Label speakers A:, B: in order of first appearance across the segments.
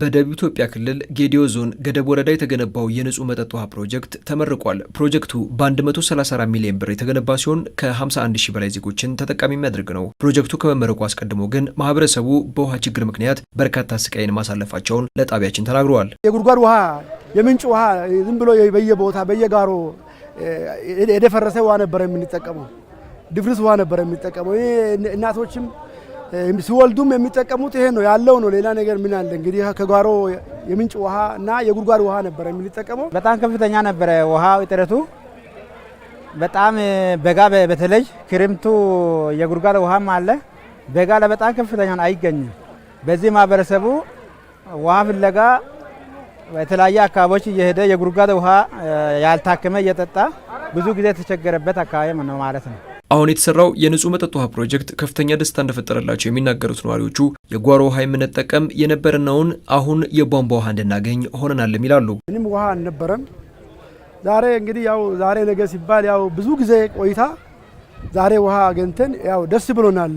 A: በደቡብ ኢትዮጵያ ክልል ጌዲዮ ዞን ገደብ ወረዳ የተገነባው የንጹህ መጠጥ ውሃ ፕሮጀክት ተመርቋል። ፕሮጀክቱ በ134 ሚሊዮን ብር የተገነባ ሲሆን ከ51 ሺህ በላይ ዜጎችን ተጠቃሚ የሚያደርግ ነው። ፕሮጀክቱ ከመመረቁ አስቀድሞ ግን ማህበረሰቡ በውሃ ችግር ምክንያት በርካታ ስቃይን ማሳለፋቸውን ለጣቢያችን ተናግረዋል።
B: የጉድጓድ ውሃ፣ የምንጭ ውሃ ዝም ብሎ በየቦታ በየጋሮ የደፈረሰ ውሃ ነበረ የምንጠቀመው፣ ድፍርስ ውሃ ነበረ የምንጠቀመው እናቶችም ሲወልዱም የሚጠቀሙት ይሄ ነው ያለው ነው። ሌላ ነገር ምን አለ እንግዲህ ከጓሮ የምንጭ ውሃ እና የጉድጓድ ውሃ ነበረ የሚጠቀመው።
C: በጣም ከፍተኛ ነበረ ውሃ እጥረቱ በጣም በጋ፣ በተለይ ክርምቱ የጉድጓድ ውሃም አለ። በጋ ለበጣም በጣም ከፍተኛ አይገኝም። በዚህ ማህበረሰቡ ውሃ ፍለጋ የተለያየ አካባቢዎች እየሄደ የጉድጓድ ውሃ ያልታከመ እየጠጣ ብዙ ጊዜ የተቸገረበት አካባቢ ነው ማለት ነው።
A: አሁን የተሰራው የንጹህ መጠጥ ውሃ ፕሮጀክት ከፍተኛ ደስታ እንደፈጠረላቸው የሚናገሩት ነዋሪዎቹ የጓሮ ውሃ የምንጠቀም የነበረነውን አሁን የቧንቧ ውሃ እንድናገኝ ሆነናልም ይላሉ።
B: ምንም ውሃ አልነበረም። ዛሬ እንግዲህ ያው ዛሬ ነገ ሲባል ያው ብዙ ጊዜ ቆይታ ዛሬ ውሃ አገኝተን ያው ደስ ብሎናል።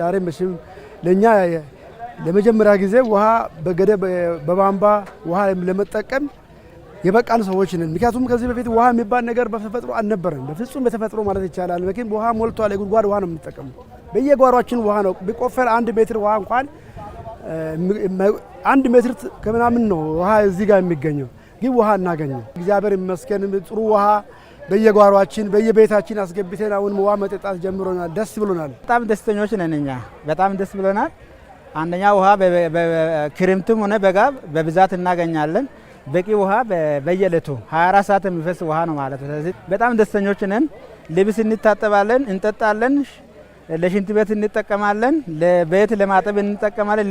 B: ዛሬ መቼም ለእኛ ለመጀመሪያ ጊዜ ውሃ በገደ በቧንቧ ውሃ ለመጠቀም የበቃን ሰዎች ነን። ምክንያቱም ከዚህ በፊት ውሃ የሚባል ነገር በተፈጥሮ አልነበረም፣ በፍጹም በተፈጥሮ ማለት ይቻላል። መኪን ውሃ ሞልቷል። የጉድጓድ ውሃ ነው የምንጠቀሙ። በየጓሯችን ውሃ ነው ቢቆፈር አንድ ሜትር ውሃ እንኳን አንድ ሜትር ከምናምን ነው ውሃ እዚህ ጋር የሚገኘው፣ ግን ውሃ እናገኘ እግዚአብሔር ይመስገን ጥሩ ውሃ በየጓሯችን በየቤታችን አስገብተን አሁን ውሃ መጠጣት ጀምሮናል። ደስ ብሎናል።
C: በጣም ደስተኞች ነን እኛ፣ በጣም ደስ ብሎናል። አንደኛ ውሃ ክርምትም ሆነ በጋብ በብዛት እናገኛለን። በቂ ውሃ በየዕለቱ 24 ሰዓት የሚፈስ ውሃ ነው ማለት ነው። ስለዚህ በጣም ደስተኞች ነን። ልብስ እንታጠባለን፣ እንጠጣለን፣ ለሽንት ቤት እንጠቀማለን፣ ለቤት ለማጠብ እንጠቀማለን፣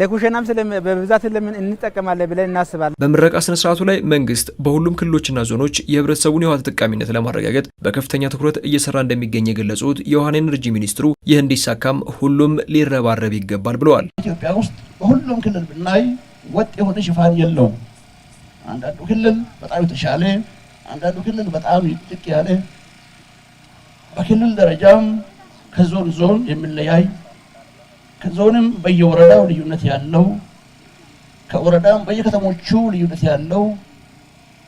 C: ለኩሽናም በብዛት እንጠቀማለን ብለን እናስባለን።
A: በምረቃ ስነ ስርዓቱ ላይ መንግስት በሁሉም ክልሎችና ዞኖች የህብረተሰቡን የውሃ ተጠቃሚነት ለማረጋገጥ በከፍተኛ ትኩረት እየሰራ እንደሚገኝ የገለጹት የውሃና ኤነርጂ ሚኒስትሩ ይህ እንዲሳካም ሁሉም ሊረባረብ ይገባል ብለዋል።
D: ኢትዮጵያ ውስጥ በሁሉም ክልል ብናይ ወጥ የሆነ ሽፋን የለውም። አንዳንዱ ክልል በጣም የተሻለ፣ አንዳንዱ ክልል በጣም ጥቅ ያለ፣ በክልል ደረጃም ከዞን ዞን የሚለያይ ከዞንም በየወረዳው ልዩነት ያለው ከወረዳም በየከተሞቹ ልዩነት ያለው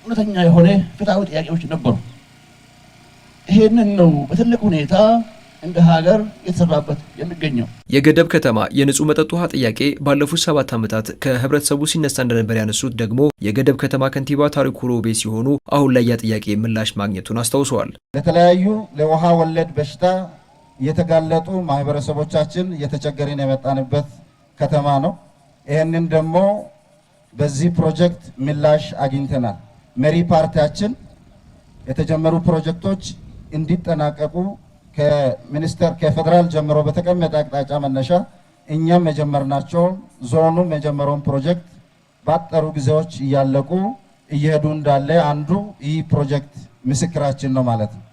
D: እውነተኛ የሆነ ፍትሐዊ ጥያቄዎች ነበሩ። ይሄንን ነው በትልቅ ሁኔታ እንደ ሀገር የተሰራበት የሚገኘው
A: የገደብ ከተማ የንጹህ መጠጥ ውሃ ጥያቄ ባለፉት ሰባት ዓመታት ከህብረተሰቡ ሲነሳ እንደነበር ያነሱት ደግሞ የገደብ ከተማ ከንቲባ ታሪኩ ሮቤ ሲሆኑ አሁን ላይ ያ ጥያቄ ምላሽ ማግኘቱን አስታውሰዋል።
E: ለተለያዩ ለውሃ ወለድ በሽታ የተጋለጡ ማህበረሰቦቻችን እየተቸገርን የመጣንበት ከተማ ነው። ይህንን ደግሞ በዚህ ፕሮጀክት ምላሽ አግኝተናል። መሪ ፓርቲያችን የተጀመሩ ፕሮጀክቶች እንዲጠናቀቁ ከሚኒስቴር ከፌዴራል ጀምሮ በተቀመጠ አቅጣጫ መነሻ እኛም የጀመርናቸው ዞኑም የጀመረውን ፕሮጀክት ባጠሩ ጊዜዎች እያለቁ እየሄዱ እንዳለ አንዱ ይህ ፕሮጀክት ምስክራችን ነው ማለት ነው።